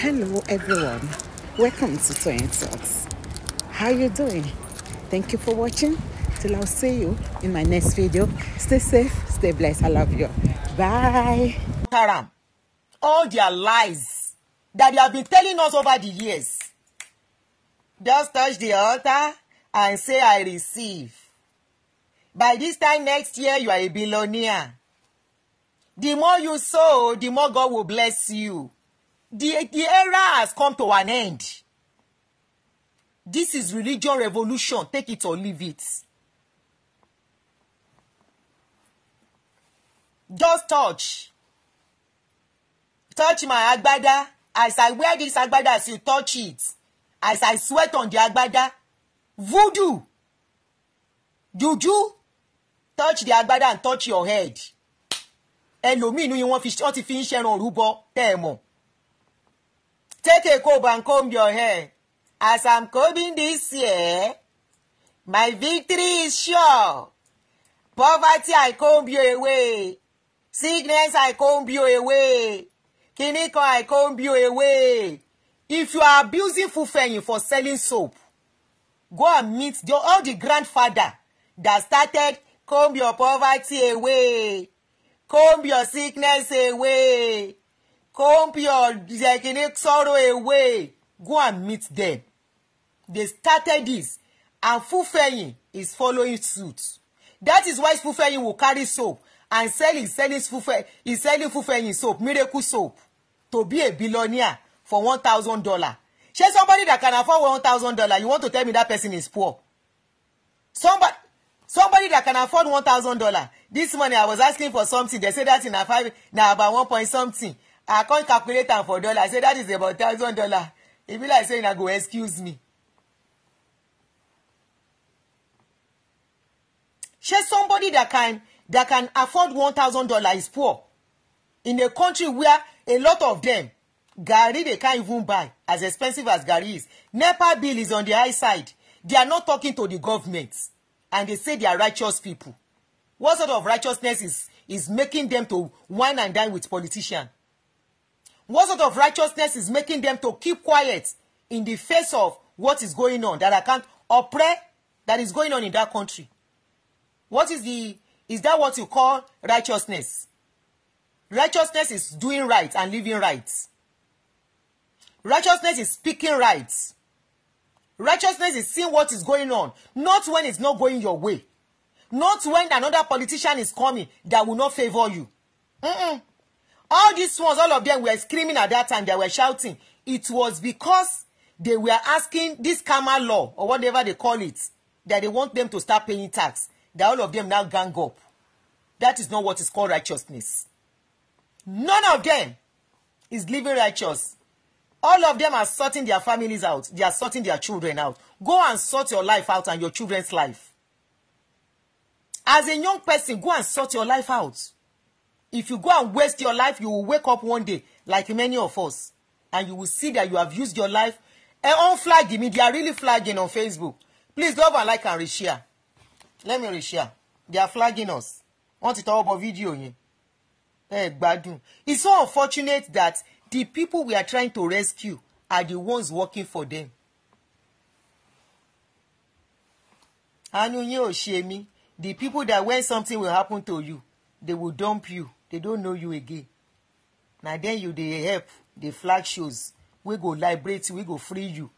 hello everyone welcome to and Talks how you doing thank you for watching till i'll see you in my next video stay safe stay blessed i love you bye haram all their lies that they have been telling us over the years just touch the altar and say i receive by this time next year you are a billionaire the more you sow the more god will bless you the, the era has come to an end. This is religion revolution. Take it or leave it. Just touch. Touch my agbada. As I wear this agbada, as you touch it, as I sweat on the agbada, voodoo, juju, touch the agbada and touch your head. Ẹlòmíì inú yín wọ́n ti fi ń ṣẹran òrúbọ tẹ́ ẹ mọ̀ take a comb and comb your hair. As I'm combing this year, my victory is sure. Poverty, I comb you away. Sickness, I comb you away. Kìnìkan, I comb you away. If you are abusing Fufeyin for selling soap, go and meet the, all the grandfather that started comb your poverty away, comb your sickness away comb your yekini sorrow away go and meet them they started this and Fufeyin is following suit that is why Fufeyin will carry soap and sell his selling Fufeyin his selling Fufeyin soap miracle soap to be a billionaire for one thousand dollar shey somebody that can afford one thousand dollar you want to tell me that person is poor somebody somebody that can afford one thousand dollar this morning i was asking for something they say that thing na five na about one point something i come calculate am for dollar i say that is about thousand dollar e be like say una go excuse me shey somebody that can that can afford one thousand dollar is poor in a country where a lot of them garri they can't even buy as expensive as garri is nepa bill is on the high side they are not talking to the government and they say they are righteous people what sort of righteousness is is making them to wine and dine with politicians What sort of righteousness is making them to keep quiet in the face of what is going on that I can't oppress that is going on in that country? What is the is that what you call righteousness? Righteousness is doing right and living right. Righteousness is speaking right. Righteousness is seeing what is going on, not when it's not going your way. Not when another politician is coming that will not favor you. Mm-mm all these ones all of them were screaming at that time they were shouting it was because they were asking this karma law or whatever they call it that they want them to start paying tax that all of them now gang up that is not what is called righteousness none of them is living righteous all of them are sorting their families out they are sorting their children out go and sort your life out and your children's life as a young person go and sort your life out If you go and waste your life, you will wake up one day, like many of us, and you will see that you have used your life. And unflagging me, they are really flagging on Facebook. Please love and like and reshare. Let me reshare. They are flagging us. Wọ́n ti tọwọ́ bọ fídíò yẹn. Ẹ gbádùn. It's so unfortunate that the people we are trying to rescue are the ones working for them. Anu, yín ò ṣe mí. The people that when something will happen to you, they will dump you they don't know you again na then you dey help the flag shows wey go liberate you wey go free you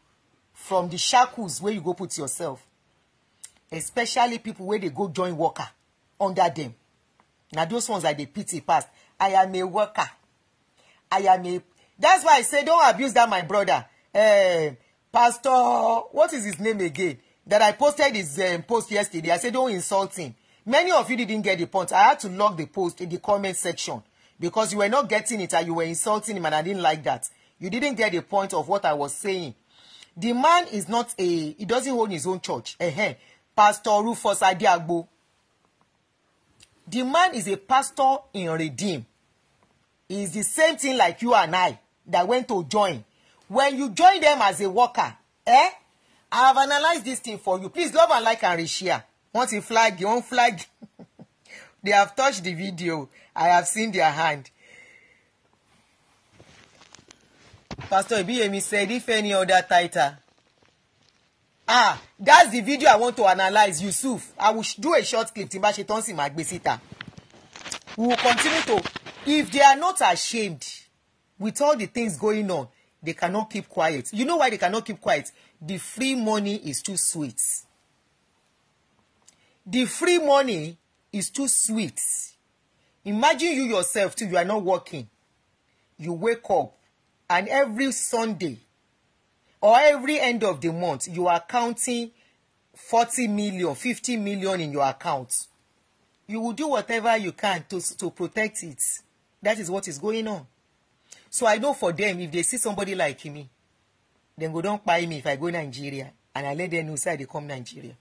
from the shackles wey you go put yourself especially people wey dey go join worker under them. na those ones i dey pity pass i am a worker i am a that's why i say don abuse that my brother eh pastor what is his name again that i posted his um, post yesterday i say don insult him Many of you didn't get the point. I had to lock the post in the comment section because you were not getting it and you were insulting him, and I didn't like that. You didn't get the point of what I was saying. The man is not a, he doesn't own his own church. Uh-huh. Pastor Rufus Adiagbo. The man is a pastor in Redeem. It's the same thing like you and I that went to join. When you join them as a worker, eh? I have analyzed this thing for you. Please love and like and reshare wọ́n ti flag wọ́n flag they have touched the video I have seen their hand. Pastor Ibiyemi said if any other title ah that's the video I want to analyse Yusuf I will do a short clip tí n bá ṣe tán sì máa gbé síta we will continue to if they are not ashamed with all the things going on they cannot keep quiet you know why they cannot keep quiet the free money is too sweet the free money is too sweet imagine you yourself too you are not working you wake up and every Sunday or every end of the month you are counting forty million fifty million in your account you will do whatever you can to to protect it that is what is going on so i know for them if they see somebody like me dem go don kpai me if i go Nigeria and i let them know say i dey come Nigeria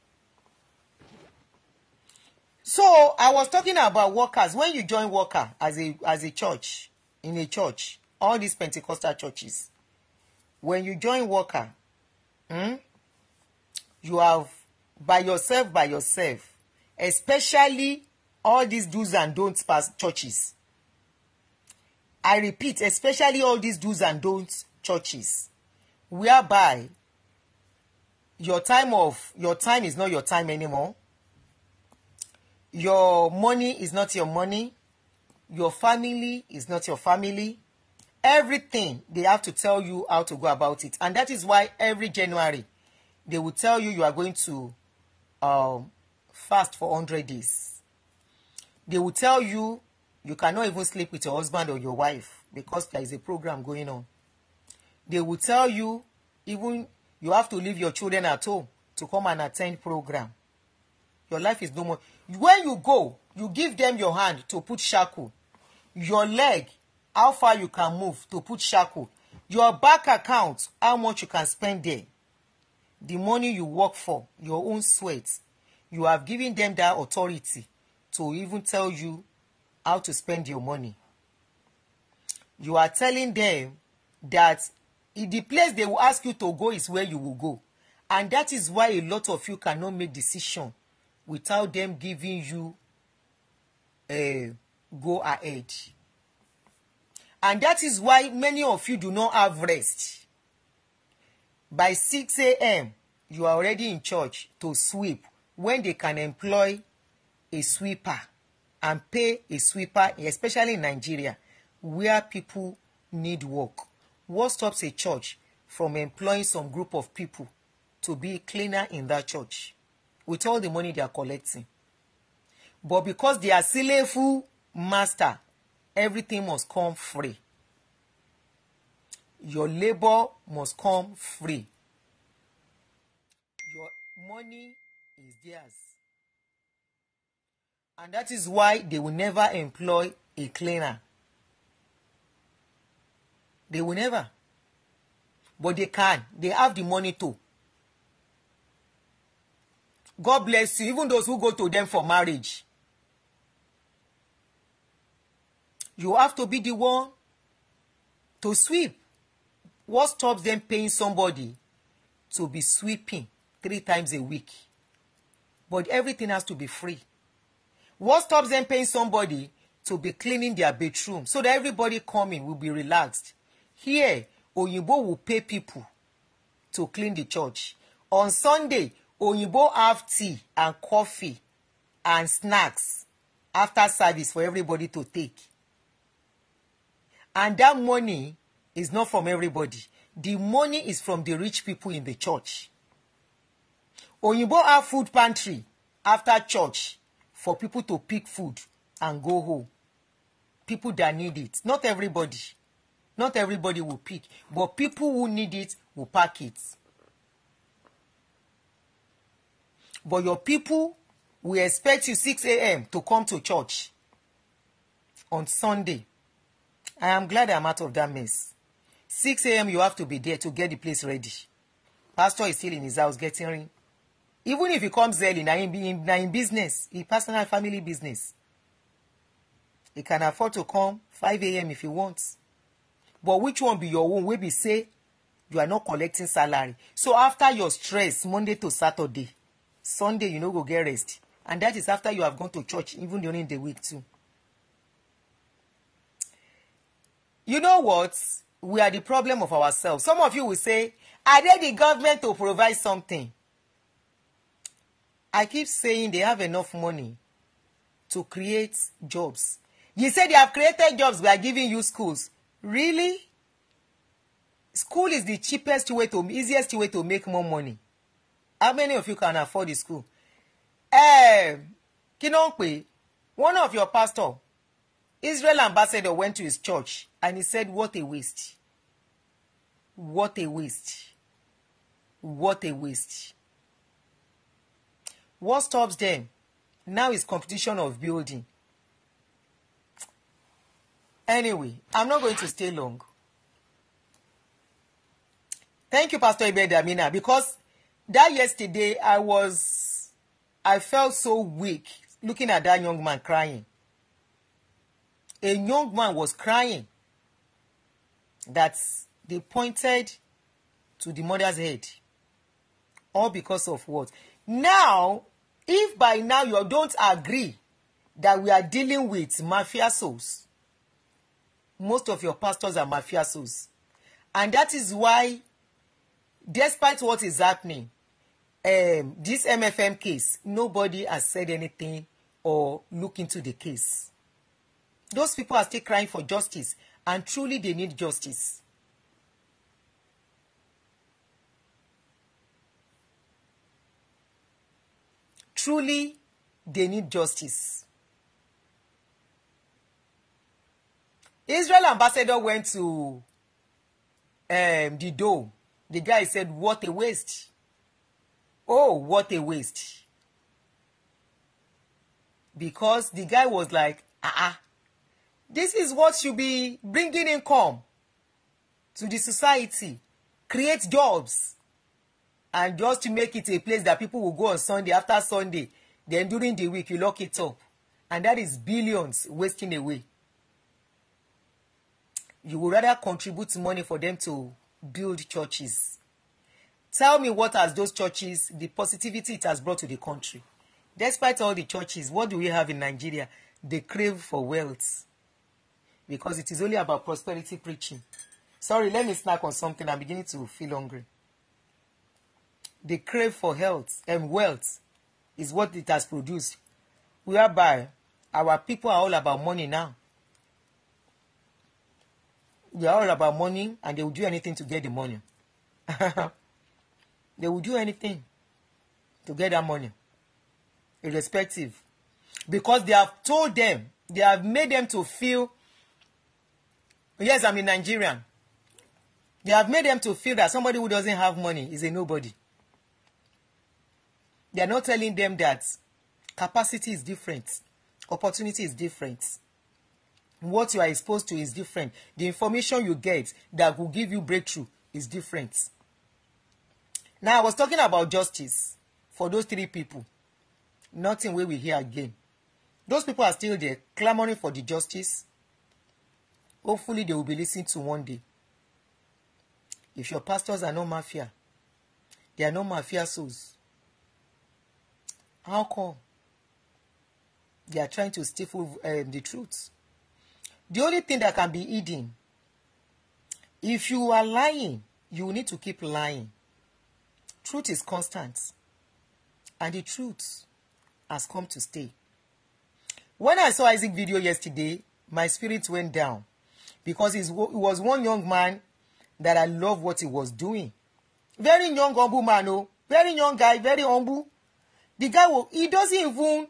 So I was talking about workers. When you join worker as a as a church in a church, all these Pentecostal churches, when you join worker, hmm, you have by yourself by yourself, especially all these do's and don'ts past churches. I repeat, especially all these do's and don'ts churches, whereby your time of your time is not your time anymore your money is not your money. Your family is not your family. Everything they have to tell you how to go about it. And that is why every January they will tell you you are going to um, fast for 100 days. They will tell you you cannot even sleep with your husband or your wife because there is a program going on. They will tell you even you have to leave your children at home to come and attend program. Your life is no more. when you go you give them your hand to put shackle your leg how far you can move to put shackle your bank account how much you can spend there the money you work for your own sweat you have given them that authority to even tell you how to spend your money you are telling them that if the place they will ask you to go is where you will go and that is why a lot of you cannot make decision without them giving you a uh, go ahead. And that is why many of you do not have rest. By 6 a.m., you are already in church to sweep when they can employ a sweeper and pay a sweeper, especially in Nigeria, where people need work. What stops a church from employing some group of people to be cleaner in that church? with all the money they are collecting but because they are slaveful master everything must come free your labor must come free your money is theirs and that is why they will never employ a cleaner they will never but they can they have the money too. God bless you, even those who go to them for marriage. You have to be the one to sweep. What stops them paying somebody to be sweeping three times a week? But everything has to be free. What stops them paying somebody to be cleaning their bedroom so that everybody coming will be relaxed? Here, Oyibo will pay people to clean the church. On Sunday, Oyinbo have tea and coffee and snacks after service for everybody to take. And that money is not from everybody. The money is from the rich people in the church. Oyinbo have food pantry after church for people to pick food and go home. People that need it. Not everybody. Not everybody will pick, but people who need it will pack it. but your people will expect you 6 a.m. to come to church on Sunday. I am glad I'm out of that mess. 6 a.m. you have to be there to get the place ready. Pastor is still in his house getting ready. Even if he comes early, now in, in, now in business, in personal family business, he can afford to come 5 a.m. if he wants. But which one be your own? Wey be say you are not collecting salary. So after your stress, Monday to Saturday, sunday you no go get rest and that is after you have gone to church even during the week too you know what we are the problem of ourselves some of you will say i dey the government to provide something i keep saying they have enough money to create jobs you say they have created jobs by giving you schools really school is the cheapest way to easiest way to make more money how many of you can afford the school eh, kí ló ń pè one of your pastor Israel ambassador went to his church and he said what a waste what a waste what a waste what stops them now is competition of building anyway i'm not going to stay long thank you pastor ibedamina because that yesterday I was, I felt so weak looking at that young man crying. A young man was crying that they pointed to the mother's head. All because of what? Now, if by now you don't agree that we are dealing with mafia souls, most of your pastors are mafia souls. And that is why, despite what is happening, um, this MFM case, nobody has said anything or look into the case. Those people are still crying for justice, and truly they need justice. Truly, they need justice. Israel ambassador went to um, the dome. The guy said, what a waste. Oh, what a waste. Because the guy was like, ah, ah, this is what should be bringing income to the society, create jobs, and just to make it a place that people will go on Sunday after Sunday. Then during the week, you lock it up. And that is billions wasting away. You would rather contribute money for them to build churches Tell me what has those churches, the positivity it has brought to the country. Despite all the churches, what do we have in Nigeria? They crave for wealth. Because it is only about prosperity preaching. Sorry, let me snack on something. I'm beginning to feel hungry. They crave for health and wealth is what it has produced. Whereby our people are all about money now. They are all about money and they will do anything to get the money. They will do anything to get that money, irrespective, because they have told them, they have made them to feel, yes, I'm a Nigerian. They have made them to feel that somebody who doesn't have money is a nobody. They are not telling them that capacity is different, opportunity is different. What you are exposed to is different. The information you get that will give you breakthrough is different now i was talking about justice for those three people nothing wey we hear again those people are still there clamoring for the justice hopefully they will be listened to one day if your pastors are no mafia they are no mafia souls how come they are trying to stifle um, the truth the only thing that can be hidden if you are lying you need to keep lying Truth is constant, and the truth has come to stay. When I saw Isaac video yesterday, my spirit went down because it was one young man that I loved what he was doing. Very young, humble man, oh, very young guy, very humble. The guy, he doesn't even.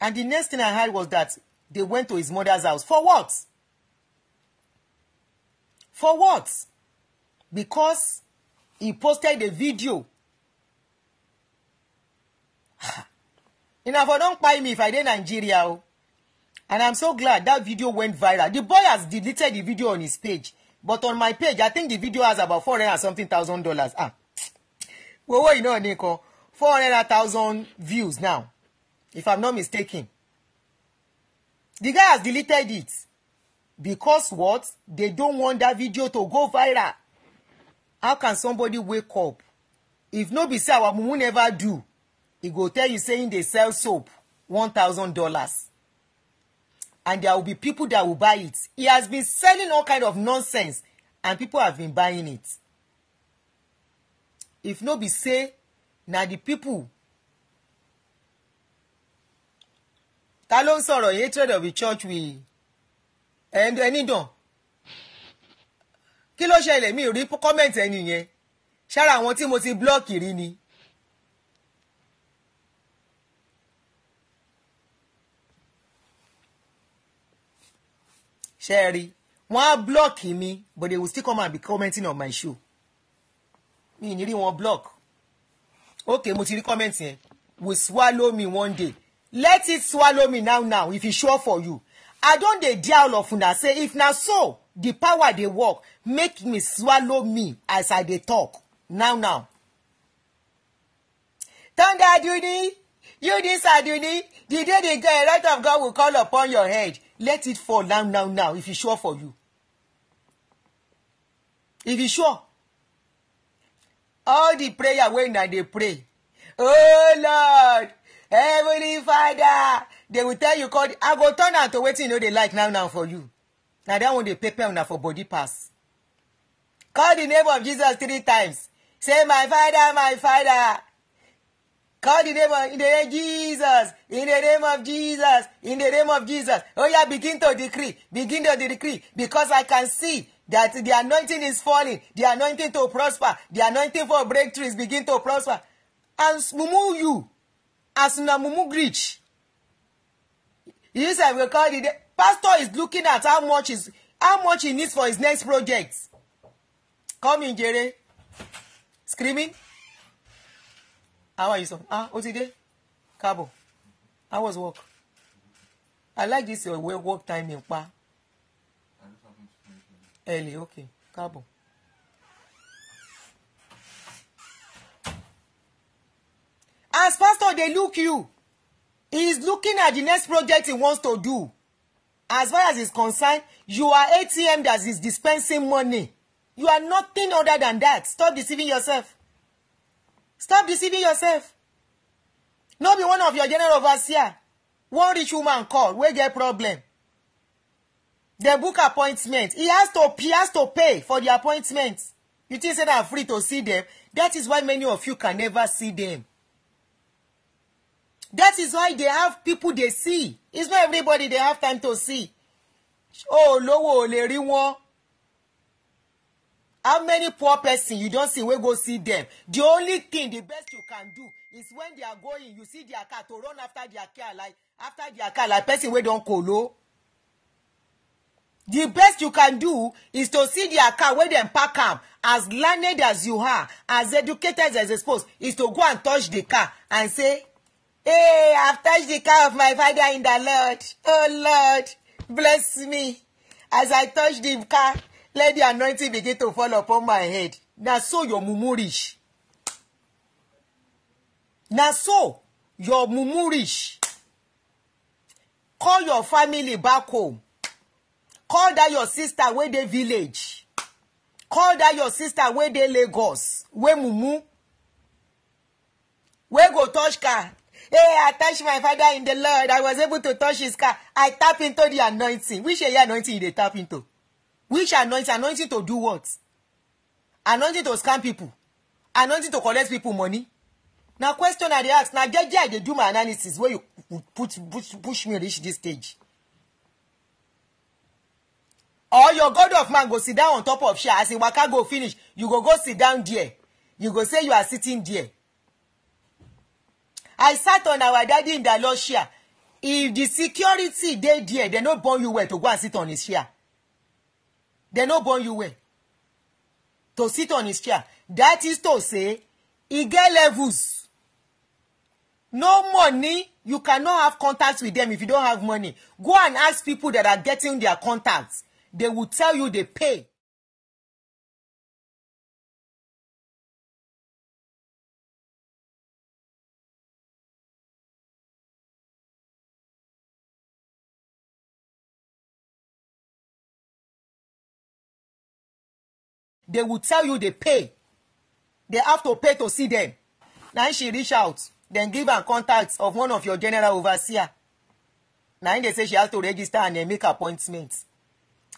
And the next thing I heard was that they went to his mother's house. For what? For what? Because he posted a video una for don kpai me if i dey nigeria o oh. and i'm so glad that video went viral the boy has deleted the video on his page but on my page i think the video has about four hundred and something thousand dollars ah wowo you know niko four hundred thousand views now if i'm not mistaken the guy has deleted it because what they don't want that video to go viral how can somebody wake up if no be say our mumu never do e go tell you say him dey sell soap one thousand dollars and there will be people that will buy it he has been selling all kind of nonsense and people have been buying it if no be say na the people ta ló ń sọ̀rọ̀ hatred of the church we ẹni dàn kí ló ṣẹlẹ̀ mi ò rí kọ́mẹ̀ntì ẹni yẹn ṣára àwọn tí mo ti blọ́ọ̀kì rí ni. ṣe é rí wọ́n á blọ́ọ̀kì mi but they will still come and be commenting on my show mi ní rí wọn block ok mo ti rí comment yẹn will swallow me one day let it swallow me now now if e sure for you i don dey dear all of una say if na so the power dey work make me swallow me as i dey talk now now thunder aduni you this aduni the day the guy right of god will call upon your head let it fall now now now if e sure for you if e sure all the prayer wey una dey pray oh lord heavenly father they will tell you call i go turn am to wetin you no know dey like now now for you Now that one the pepper on for body pass call the name of jesus three times say my father my father call the name of in the name jesus in the name of jesus in the name of jesus oh yeah begin to decree begin to decree because i can see that the anointing is falling the anointing to prosper the anointing for breakthroughs begin to prosper as mumu you as na mumu greech. you sef we call the name pastor is looking at how much is how much he needs for his next project come in jere screaming how are you son ah ó ti dé how was work i like this your well work timing pa early okay káàbọ̀. as pastor dey look you he is looking at the next project he wants to do as far as it's concerned you are ATM that is dispensing money you are nothing other than that stop deceiving yourself stop deceiving yourself no be one of your general overseer one rich woman call wey get problem dem book appointment he has to he has to pay for the appointment you think say na free to see them? that is why many of you can never see them that is why they have people they see it's not everybody they have time to see oh lówó ò lè rí wọn how many poor person you don see wey go see them the only thing the best you can do is when they are going you see their car to run after their car like after their car like person wey don kolo the best you can do is to see their car wey dem park am as learned as you are as educated as exposed is to go and touch the car and say Hey, I've touched the car of my father in the Lord. Oh Lord, bless me. As I touch the car, let the anointing begin to fall upon my head. Now, so your mumu reach. Na so your mumu reach. Call your family back home. Call that your sister where dey village. Call that your sister where dey Lagos. Where mumu. Where go touch car. Hey, I touched my father in the Lord. I was able to touch his car. I tap into the anointing. Which area anointing you tap into? Which anointing? Anointing to do what? Anointing to scam people. Anointing to collect people money. Now, question I dey ask. Now, jeje I dey do my analysis Where you put push, push me reach this stage. Or your God of man go sit down on top of chair as e waka go finish. You go go sit down there. You go say you are sitting there. I sat on our daddy in the lord chair. If the security dey there, they no born you well to go and sit on his chair. They no born you well to sit on his chair. That is to say, e get levels. No money, you cannot have contact with them if you don't have money. Go and ask people that are getting their contacts. They will tell you they pay. they will tell you they pay they have to pay to see them na she reach out then give her contact of one of your general overseer Now, im dey say she has to register and then make appointment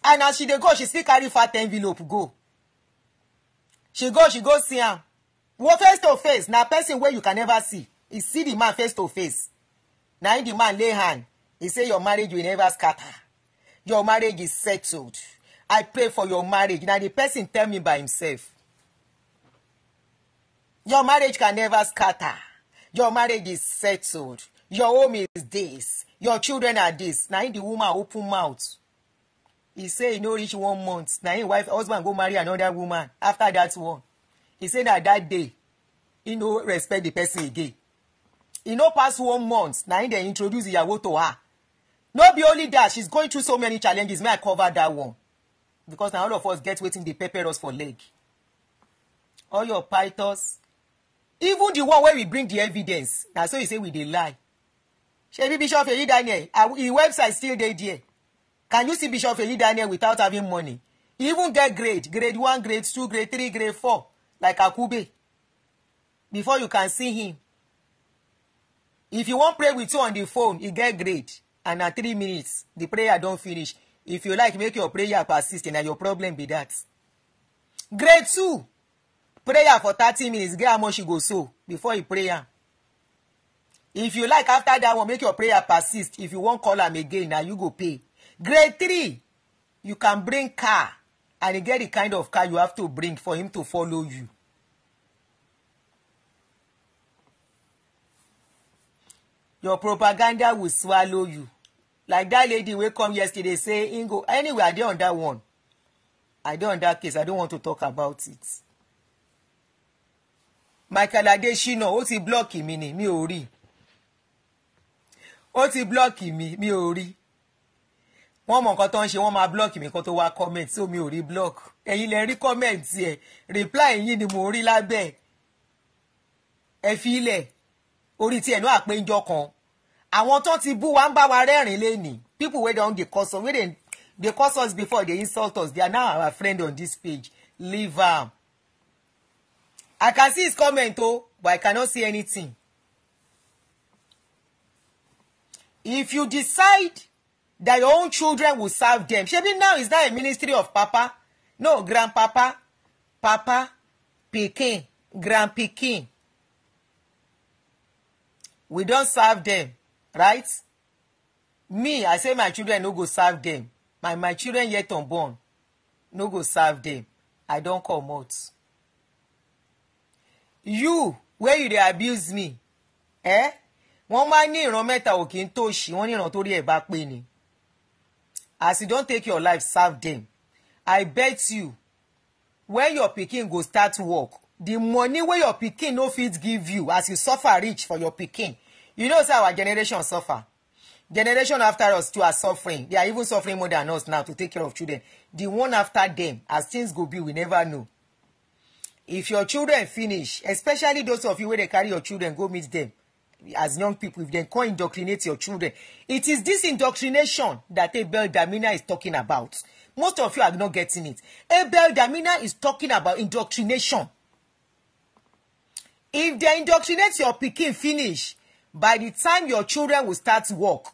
and as she dey go she still carry fat envelope go she go she go see am well face to face Now, person where you can never see e see the man face to face Now, im the man lay hand he say your marriage will never scatter your marriage is settled i pray for your marriage Now the person tell me by himself your marriage can never scatter your marriage is settled your home is this your children are this Now him the woman open mouth he say he no reach one month Now his wife husband go marry another woman after that one He say that that day he no respect the person again He no pass one month Now him dey introduce ìyàwó to her not be only that she's going through so many challenges may i cover that one because na all of us get wetin dey pepper us for leg all your pythons even the one wey we bring the evidence na so you say we dey lie shebi bishop eyi daniel his website still dey there can you see bishop eyi daniel without having money he even get grade grade one grade two grade three grade four like akube before you can see him if you wan pray with you on the phone e get grade and na three minutes the prayer don finish if you like make your prayer persist na your problem be that. grade two prayer for thirty minutes get how much you go so before you pray am if you like after that one make your prayer persist if you wan call am again na you go pay grade three you can bring car and e get the kind of car you have to bring for him to follow you your propaganda will swallow you like that lady wey come yesterday say im go anyway i dey on dat one i dey on dat case i don want to talk about it michael adesina ó ti blọọkì mi ni mi ò rí ó ti block mi mi ò rí wọ́n mọ̀ nǹkan tó ń ṣe wọ́n máa blọọkì mi kan tó wá comment So omi ò rí block ẹ̀yin lẹ rí comment ẹ reply yín ni mo rí lábẹ́ ẹ fi ilẹ̀ orí tí ẹnu àpéjọ kan àwọn tó ti bú wa ń bá wa rẹ́rìn lẹ́nìí people wey don dey curse us wey dey dey curse us before dey insult us they are now our friend on this page leave am i can see his comment o but i cannot see anything if you decide that your own children will serve them shebi now is that a ministry of papa no grandpapa papa pikin grandpikin we don serve them right me i say my children no go serve them. my my children yet unborn no go serve them. i don comot you wey you dey abuse me eh wọ́n máa ní ìran mẹ́ta ò kì í tó ṣì wọ́n ní ìran tó rí ẹ̀ bá pé ni as you don take your life serve them, i bet you when your pikin go start work the money wey your pikin no fit give you as you suffer reach for your pikin you know say our generation suffer generation after us too are suffering they are even suffering more than us now to take care of children the one after them as things go be we never know if your children finish especially those of you wey dey carry your children go meet them as young people if dem come indoctrinate your children it is this indoctrination that abel damina is talking about most of you are not getting it abel damina is talking about indoctrination if dem indoctrinate your pikin finish by the time your children will start work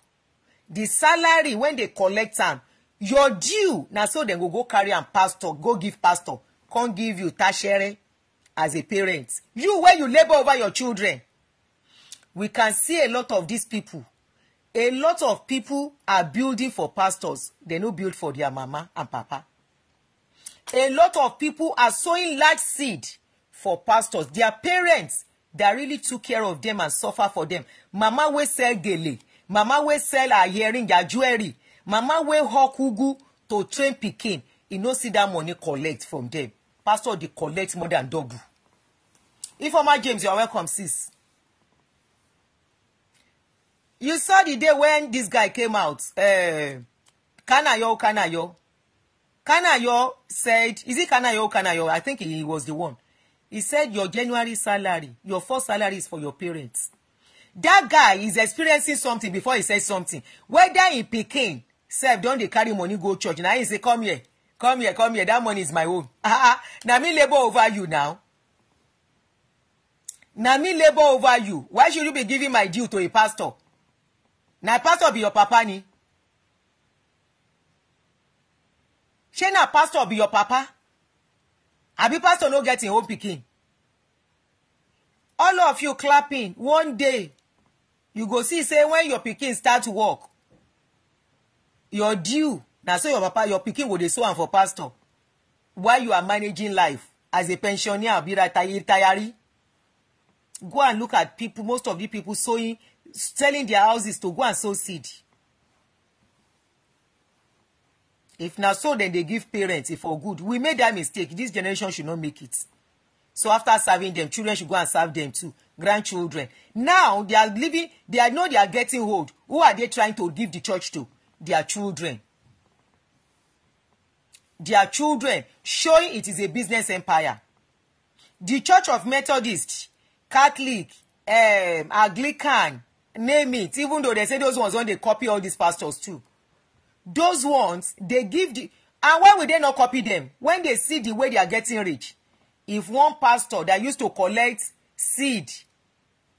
the salary when they collect am your due na so dem go go carry am pastor go give pastor come give you tashere as a parent you wey you labour over your children we can see a lot of these people a lot of people are building for pastors they no build for their mama and papa a lot of people are sowing large seed for pastors their parents that really took care of them and suffer for them mama wey sell gele mama wey sell her earring her jewelry mama wey hawk ugu to train pikin e no see that money collect from them pastor dey collect more than double informa james you are welcome sis you saw the day when this guy came out uh, kanayo kanayo kanayo said is it kanayo kanayo i think he was the one He said your January salary, your first salary is for your parents. That guy is experiencing something before he says something. Whether in Peking, self don dey carry money go church. Na him say come here, come here, come here. That money is my own. Ah, na me labour over you now. Na me labour over you. Why should you be giving my due to a pastor? Na pastor be your papa ni. Ṣé na pastor be your papa? abi pastor no get him own pikin all of you clapping one day you go see say when your pikin start work your due na so your papa your pikin go dey sew am for pastor while you are managing life as a pensioner abi retiree go and look at people most of the people sewing selling their houses to go and sow seed if na so dem dey give parents e for good we make that mistake this generation should not make it so after serving them children should go and serve them too grandchildren now they are living they are know they are getting old who are they trying to give the church to their children their children showing it is a business empire the church of methodist catholic um, anglican name it even though they say those ones don dey copy all these pastors too those ones they give the and why would they not copy them when they see the way they are getting rich if one pastor that used to collect seed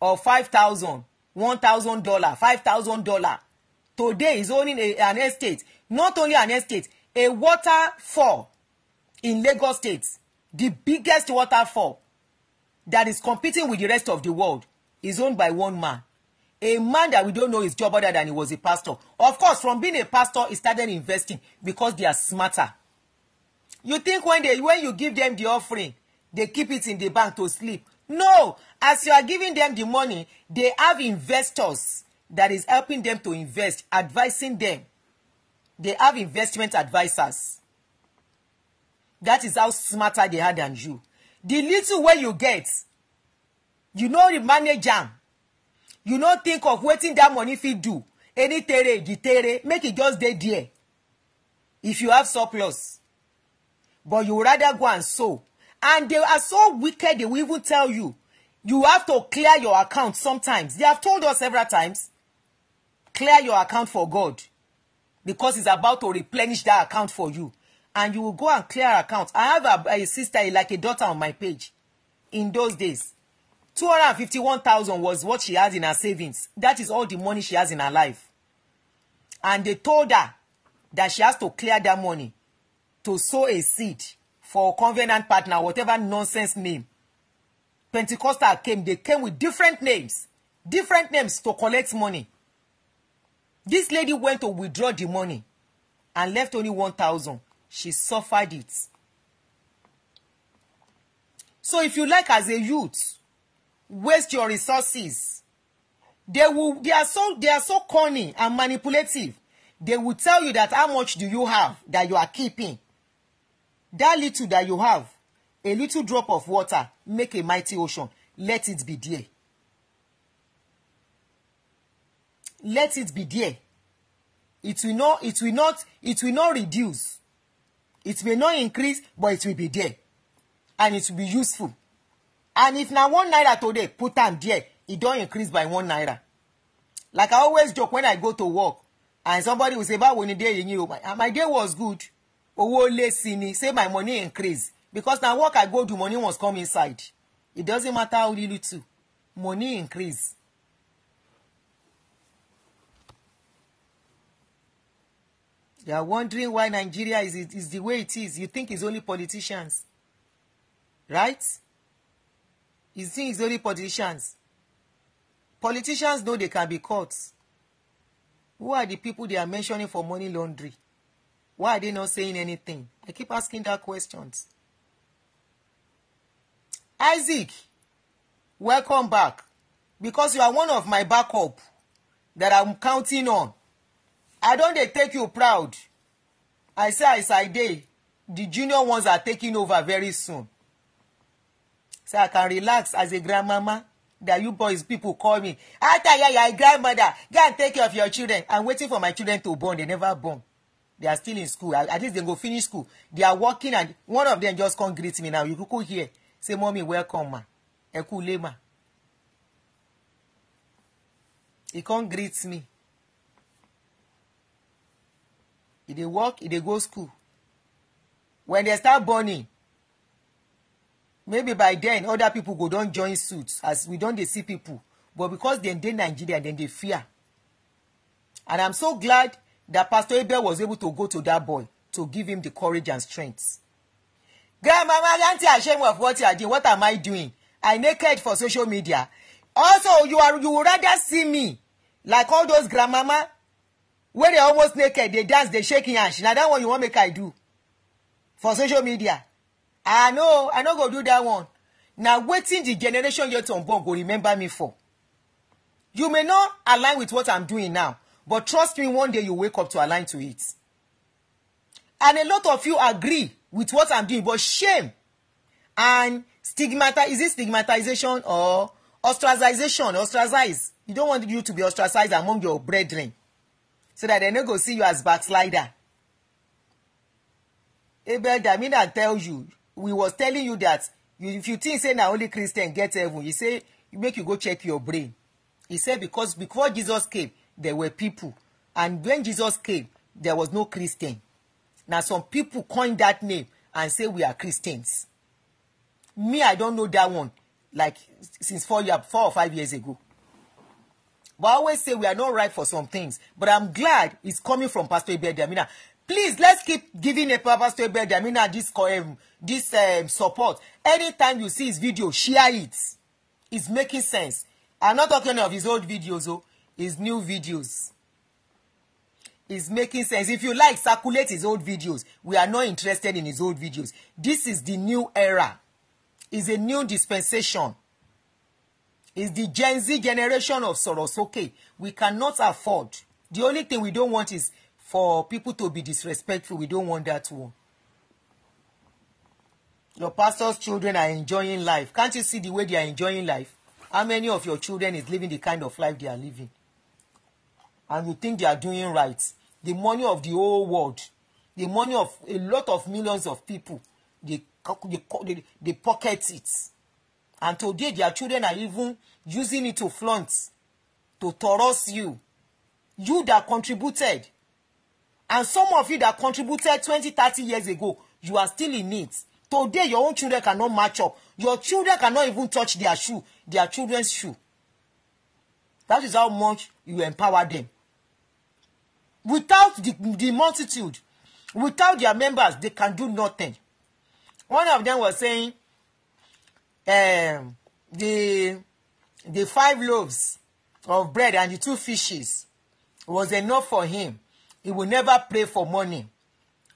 of five thousand one thousand dollar five thousand dollar today is owning a, an estate not only an estate a waterfall in Lagos State the biggest waterfall that is competing with the rest of the world is owned by one man a man that we don't know his job other than he was a pastor of course from being a pastor he started investing because they are smarter you think when they when you give them the offering they keep it in the bank to sleep no as you are giving them the money they have investors that is helping them to invest advising them they have investment advisors that is how smarter they are than you the little way you get you no manage am you no think of wetin dat money fit do any tere tere make e just dey there if you have surplus but you rather go and sow and they are so wicked they will even tell you you have to clear your account sometimes they have told us several times clear your account for god because he's about to replenish that account for you and you will go and clear account i have a, a sister like a daughter on my page in those days two hundred and fifty-one thousand was what she has in her savings that is all the money she has in her life and they told her that she has to clear that money to sow a seed for a covenant partner whatever nonsense name pentecostal came they came with different names different names to collect money this lady went to withdraw the money and left only one thousand she suffered it so if you like as a youth waste your resources they will they are so they are so cunning and manipulative they will tell you that how much do you have that you are keeping that little that you have a little drop of water make a mighty ocean let it be there let it be there it will not it will not it will not reduce it may not increase but it will be there and it will be useful and if na one naira today put am there e don increase by one naira like i always joke when i go to work and somebody will say báwo ni day yìí o and ah, my day was good owó lé sí ni say my money increase because na work i go do money was come inside it doesn't matter how little too money increase. You are wondering why Nigeria is, is the way it is. You think it's only politicians, right? You see, it's only politicians. Politicians know they can be caught. Who are the people they are mentioning for money laundering? Why are they not saying anything? I keep asking that questions. Isaac, welcome back. Because you are one of my backup that I'm counting on. I don't dey take you proud. I say as I dey, the junior ones are taking over very soon so I can relax as a grandmama that you boys people call me after yaya yeah, yeah, grandmother go and take care of your children I'm waiting for my children to born they never born they are still in school at least they go finish school they are working and one of them just come greet me now you kuku here say mommy welcome ma Eku kú ma he come greet me he dey work he dey go school when they start burning maybe by then other people go don join suit as we don dey see people but because dem dey nigeria dem dey fear and i'm so glad that pastor abel was able to go to that boy to give him the courage and strength grandmama aunty ashamed of what you are doing what am i doing i naked for social media also you are you rather see me like all those grandmama wey dey almost naked dey dance dey shake im ash na that one you wan make i do for social media i know, i know. go do that one Now, waiting the generation yet unborn go remember me for you may not align with what i'm doing now but trust me one day you wake up to align to it and a lot of you agree with what i'm doing but shame and stigmata is it stigmatization or ostracization ostracize you don't want you to be ostracized among your brethren so that they never see you as backslider abel I tell you we was telling you that you, if you think say na only christian get heaven he say make you go check your brain he say because before jesus came there were people and when jesus came there was no christian na some people coin that name and say we are christians me i don know that one like since four year four or five years ago but i always say we are not right for some things but i'm glad it's coming from pastor ibedamina please let's keep giving a purpose to Abel Damina uh, this um, this um, support anytime you see his video share it it's making sense i'm not talking of his old videos o oh. his new videos it's making sense if you like circulate his old videos we are not interested in his old videos this is the new era it's a new dispensation it's the gen z generation of Okay, we cannot afford the only thing we don't want is for people to be disrespectful. We don't want that one. Your pastor's children are enjoying life. Can't you see the way they are enjoying life? How many of your children is living the kind of life they are living? And you think they are doing right. The money of the whole world, the money of a lot of millions of people, they, they, they, they pocket it. And today their children are even using it to flaunt, to harass you. You that contributed And some of you that contributed 20, 30 years ago, you are still in it. Today, your own children cannot match up. Your children cannot even touch their shoe, their children's shoe. That is how much you empower them. Without the, the multitude, without their members, they can do nothing. One of them was saying, um, the, the five loaves of bread and the two fishes was enough for him he will never pray for money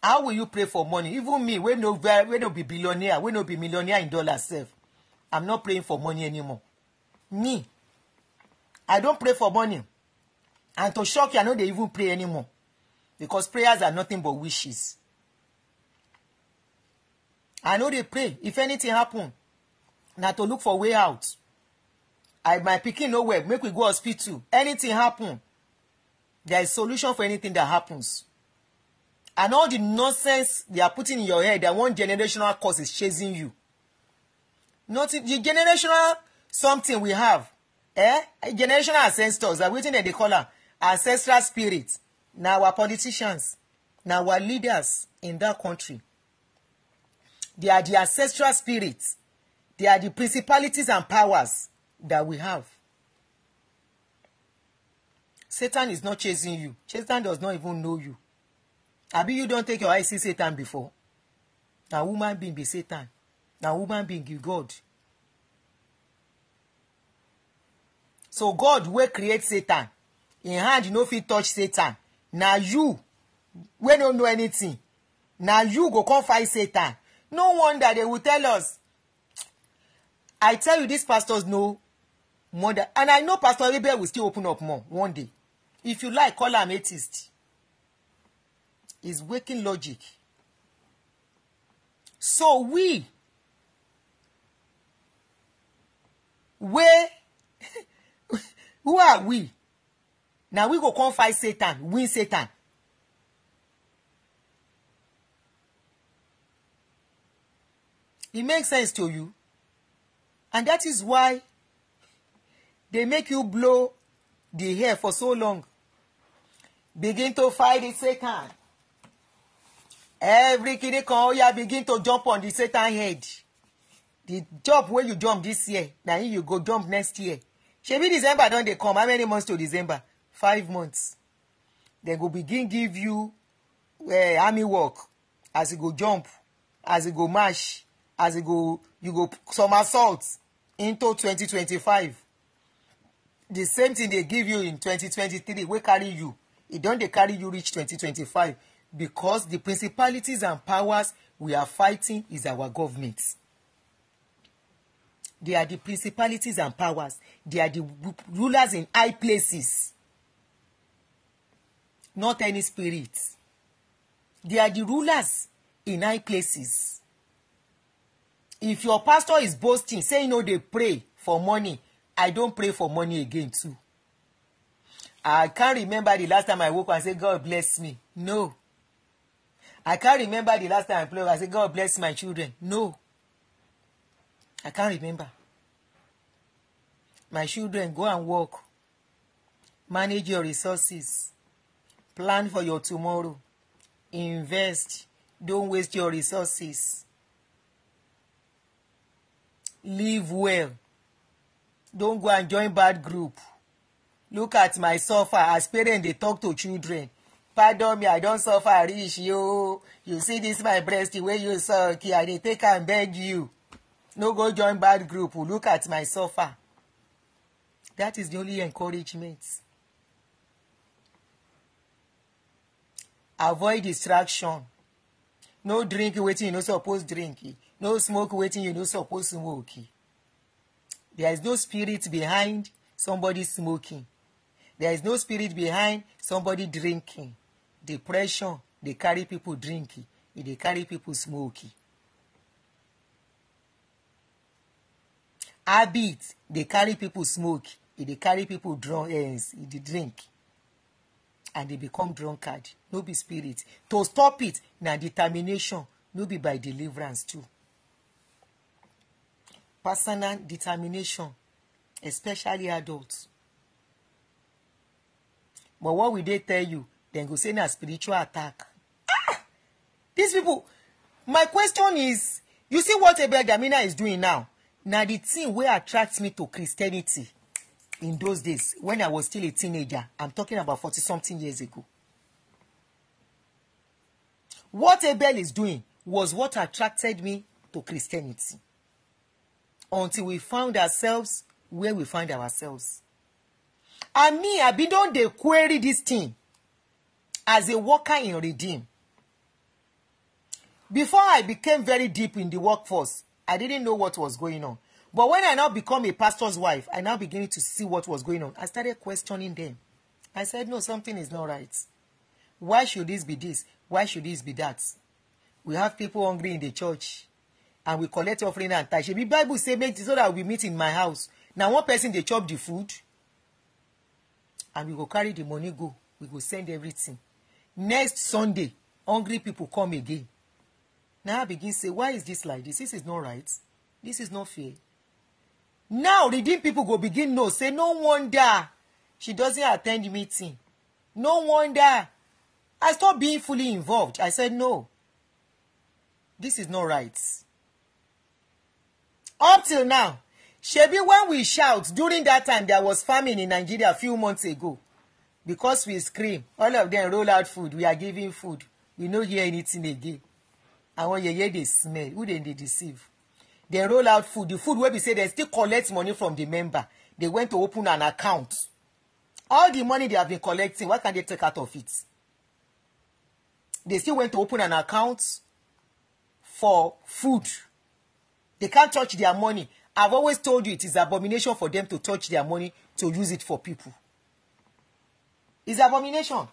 how will you pray for money even me wey no wey no be billionaire wey no be millionaire in dollars sef i'm not praying for money anymore me i don pray for money and to shock you i no dey even pray anymore because prayers are nothing but wishes i no dey pray if anything happen na to look for way out i my pikin no well make we go hospital anything happen there is solution for anything that happens and all the nonsense they are putting in your head that one generational curse is chasing you nothing the generational something we have eh generational ancestors are wetin dem dey call ancestral spirit Now our politicians now our leaders in that country they are the ancestral spirits they are the principalities and powers that we have Satan is not chasing you. Satan does not even know you. Abi you don take your eye see Satan before. Na woman being be Satan. Na woman being be God. So God wey create Satan. Im hand you no fit touch Satan. Na you wey no know anything. Na you go come fight Satan. No wonder they will tell us. I tell you, these pastors know more and I know Pastor Abel will still open up more one day if you like call am atheist is waking logic so we wey who are we na we go come fight satan win satan e make sense to you and that is why they make you blow the hair for so long begin to fight the Satan every kini kan oya begin to jump on the Satan head the job wey you jump this year na you go jump next year shebi December don dey come how many months to December five months dem go begin give you uh, army work as you go jump as you go march as you go you go somersault into 2025 the same thing dey give you in 2023 wey carry you e don dey carry you reach 2025 because the principalities and powers we are fighting is our government. They are the principalities and powers. They are the rulers in high places. Not any spirit. They are the rulers in high places. If your pastor is boasting, saying, no, they pray for money, I don't pray for money again too. I can't remember the last time I woke up and said, God bless me. No. I can't remember the last time I prayed and said, God bless my children. No. I can't remember. My children, go and work. Manage your resources. Plan for your tomorrow. Invest. Don't waste your resources. Live well. Don't go and join bad group look at my suffer as parents dey talk to children pardon me i don suffer reach yo you see this my breast wey you suck i dey take am beg you no go join bad group oh, look at my suffer that is the only encouragement avoid distraction no drink wetin you no suppose drink no smoke wetin you no suppose smoke there is no spirit behind somebody smoking There is no spirit behind somebody drinking. Depression, they carry people drinking. They carry people smoking. Habit, they carry people smoke. They carry people drunk, yes, eh, they drink. And they become drunkard. No be spirit. To stop it, na determination. No be by deliverance too. Personal determination, especially adults. But what we they tell you? Then go say na spiritual attack. Ah! These people, my question is, you see what Abel Damina is doing now? Na the thing wey attract me to Christianity in those days when I was still a teenager. I'm talking about forty something years ago. What Abel is doing was what attracted me to Christianity until we found ourselves where we find ourselves and me I abi don dey query this thing as a worker in redeem before i became very deep in the workforce i didn't know what was going on but when i now become a pastor's wife i now begin to see what was going on i started questioning them i said no something is not right why should this be this why should this be that we have people hungry in the church and we collect offering and tithe shebi bible say make so that we meet in my house na one person dey chop the food and we go carry the money go we go send everything next sunday hungry people come again now i begin say why is this like this this is not right this is not fair now redeem people go begin know say no wonder she doesn't attend the meeting no wonder i stop being fully involved i said no this is not right up till now Shebi, when we shout during that time, there was famine in Nigeria a few months ago. Because we scream, all of them roll out food. We are giving food. We no hear anything again. Àwọn hear the smell. Who dem they deceive? They roll out food. The food wey be say they still collect money from the member. They went to open an account. All the money they have been collecting, what can they take out of it? They still went to open an account for food. They can't touch their money. I've always told you it is abomination for them to touch their money to use it for people. It's abomination.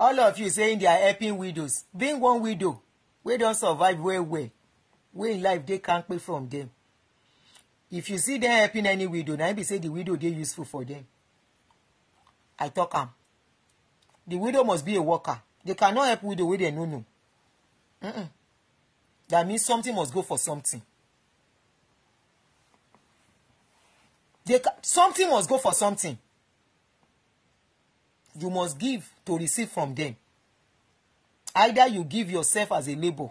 all of you saying they are helping widows being one widow wey don survive well well wey im life dey kampe from dem if you see them helping any widow na be say the widow dey useful for them. i talk am the widow must be a worker they cannot help widow wey dem no know mm -mm. that means something must go for something they something must go for something you must give to receive from them either you give yourself as a labour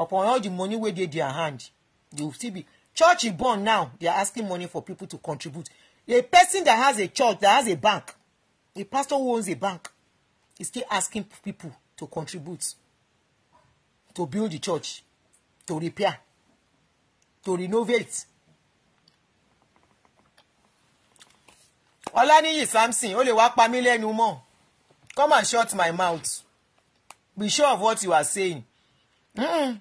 upon all the money wey dey their hand they will still be church born now they are asking money for people to contribute a person that has a church that has a bank a pastor who owns a bank is still asking people to contribute to build the church to repair to renovate ọláníyì samson ó lè wá pa mí lẹ́nu mọ́ come and shut my mouth be sure of what you are saying mm -mm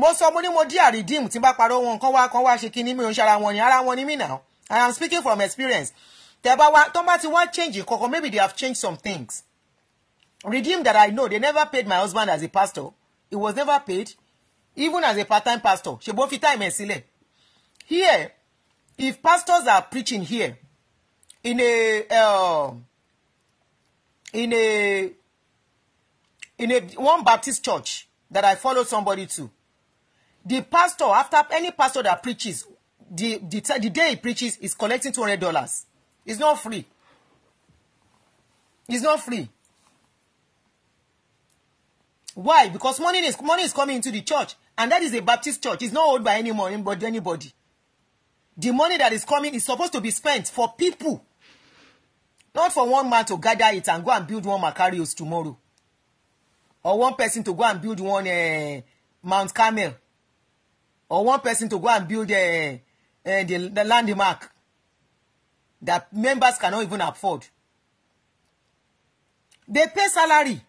mo sọ mo ní mo di àrídìmù tí bá parọ́ wọn nǹkan wá kan wá ṣe kíní mi ò ń ṣe wọn ni ara wọn ni mí now I am speaking from experience tẹ bá tó bá ti wá change kankan maybe they have changed some things redeem that I know they never paid my husband as a pastor he was never paid even as a part-time pastor ṣèbó fi time ẹ̀ sílẹ̀ here if pastors are preaching here in a uh, in a in a one Baptist church that I follow somebody to the pastor after any pastor that preaches the the, the day he preaches is collecting two hundred dollars it's not free it's not free why because money is money is coming into the church and that is a Baptist church it's not owned by any money but anybody the money that is coming is supposed to be spent for people not for one man to gather it and go and build one Macarius tomorrow or one person to go and build one uh, Mount Carmel or one person to go and build uh, uh, the, the landmark that members cannot even afford. They pay salary.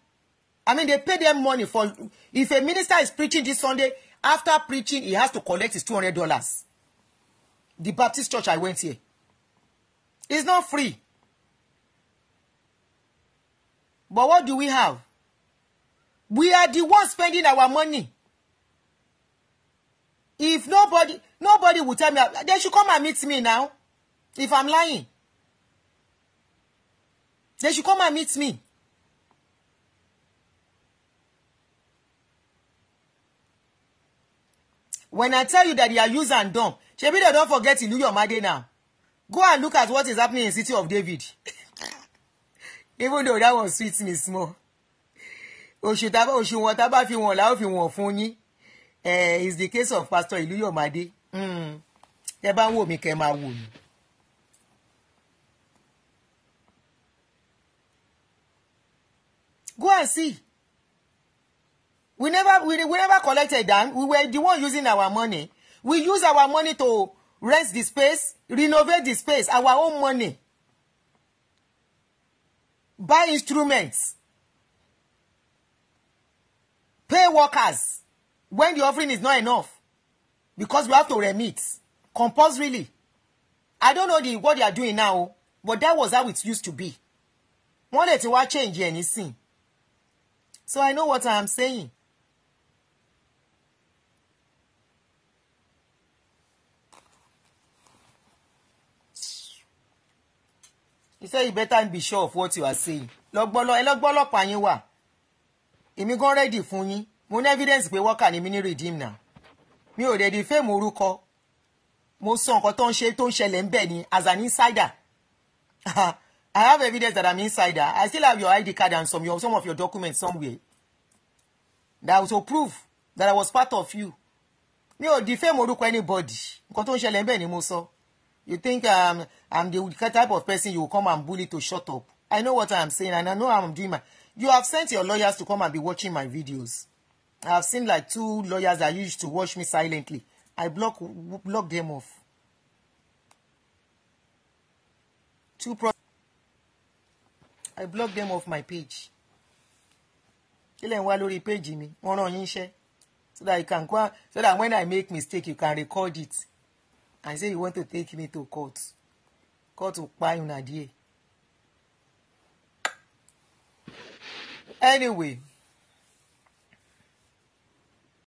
I mean, they pay them money for. If a minister is preaching this Sunday, after preaching, he has to collect his $200. The Baptist church I went here. It's not free. But what do we have? We are the ones spending our money. If nobody, nobody will tell me, they should come and meet me now. If I'm lying. They should come and meet me. When I tell you that you are used and dumb, shebi they don't forget Ilu Yomade now. Go and look at what is happening in City of David. Even though that one sweets me small. Òṣùwọ̀n tá a bá fi wọ̀n la fi wọ̀n fún yín uh, is the case of pastor Ìlúyọ̀mádé hmm. tẹ́ bá ń wò mí kẹ́ máa wò mí. Go and see. We never we, we never collected them. We were the one using our money. We use our money to rent the space, renovate the space, our own money. Buy instruments. Pay workers when the offering is not enough because we have to remit compulsorily i don't know the what they are doing now but that was how it used to be wọ́n lè ti wá change ẹ̀ nísìn so i know what i am saying. he said you better be sure of what you are saying lọ́gbọ́lọ́ ẹ lọ́gbọ́lọ́pàá yín wà èmi gan ready fún yín mo ní evidence pé worker ni mi ní redeem náà mi ò dẹ̀ di fẹ́ẹ̀mù orúkọ mo sọ nǹkan tó ń ṣe tó ń ṣẹlẹ̀ ń bẹ̀ ni as an insider I have evidence that I'm insider I still have your ID card and some, your, some of your documents somewhere that will prove that I was part of you mi ò di fẹ́ẹ̀mù orúkọ anybody nǹkan tó ń ṣẹlẹ̀ ń bẹ̀ ni mo sọ you think um, I'm the type of person you come and bully to shut up I know what I'm saying and I know how I'm doing my you have sent your lawyers to come and be watching my videos I have seen like two lawyers that used to watch me silently. I block block them off. Two pro I block them off my page. Kílẹ̀ ń wá lórí péjì mi, wọ́n So that you can go so that when I make mistake you can record it and say you want to take me to court. Court will pa una there. Anyway.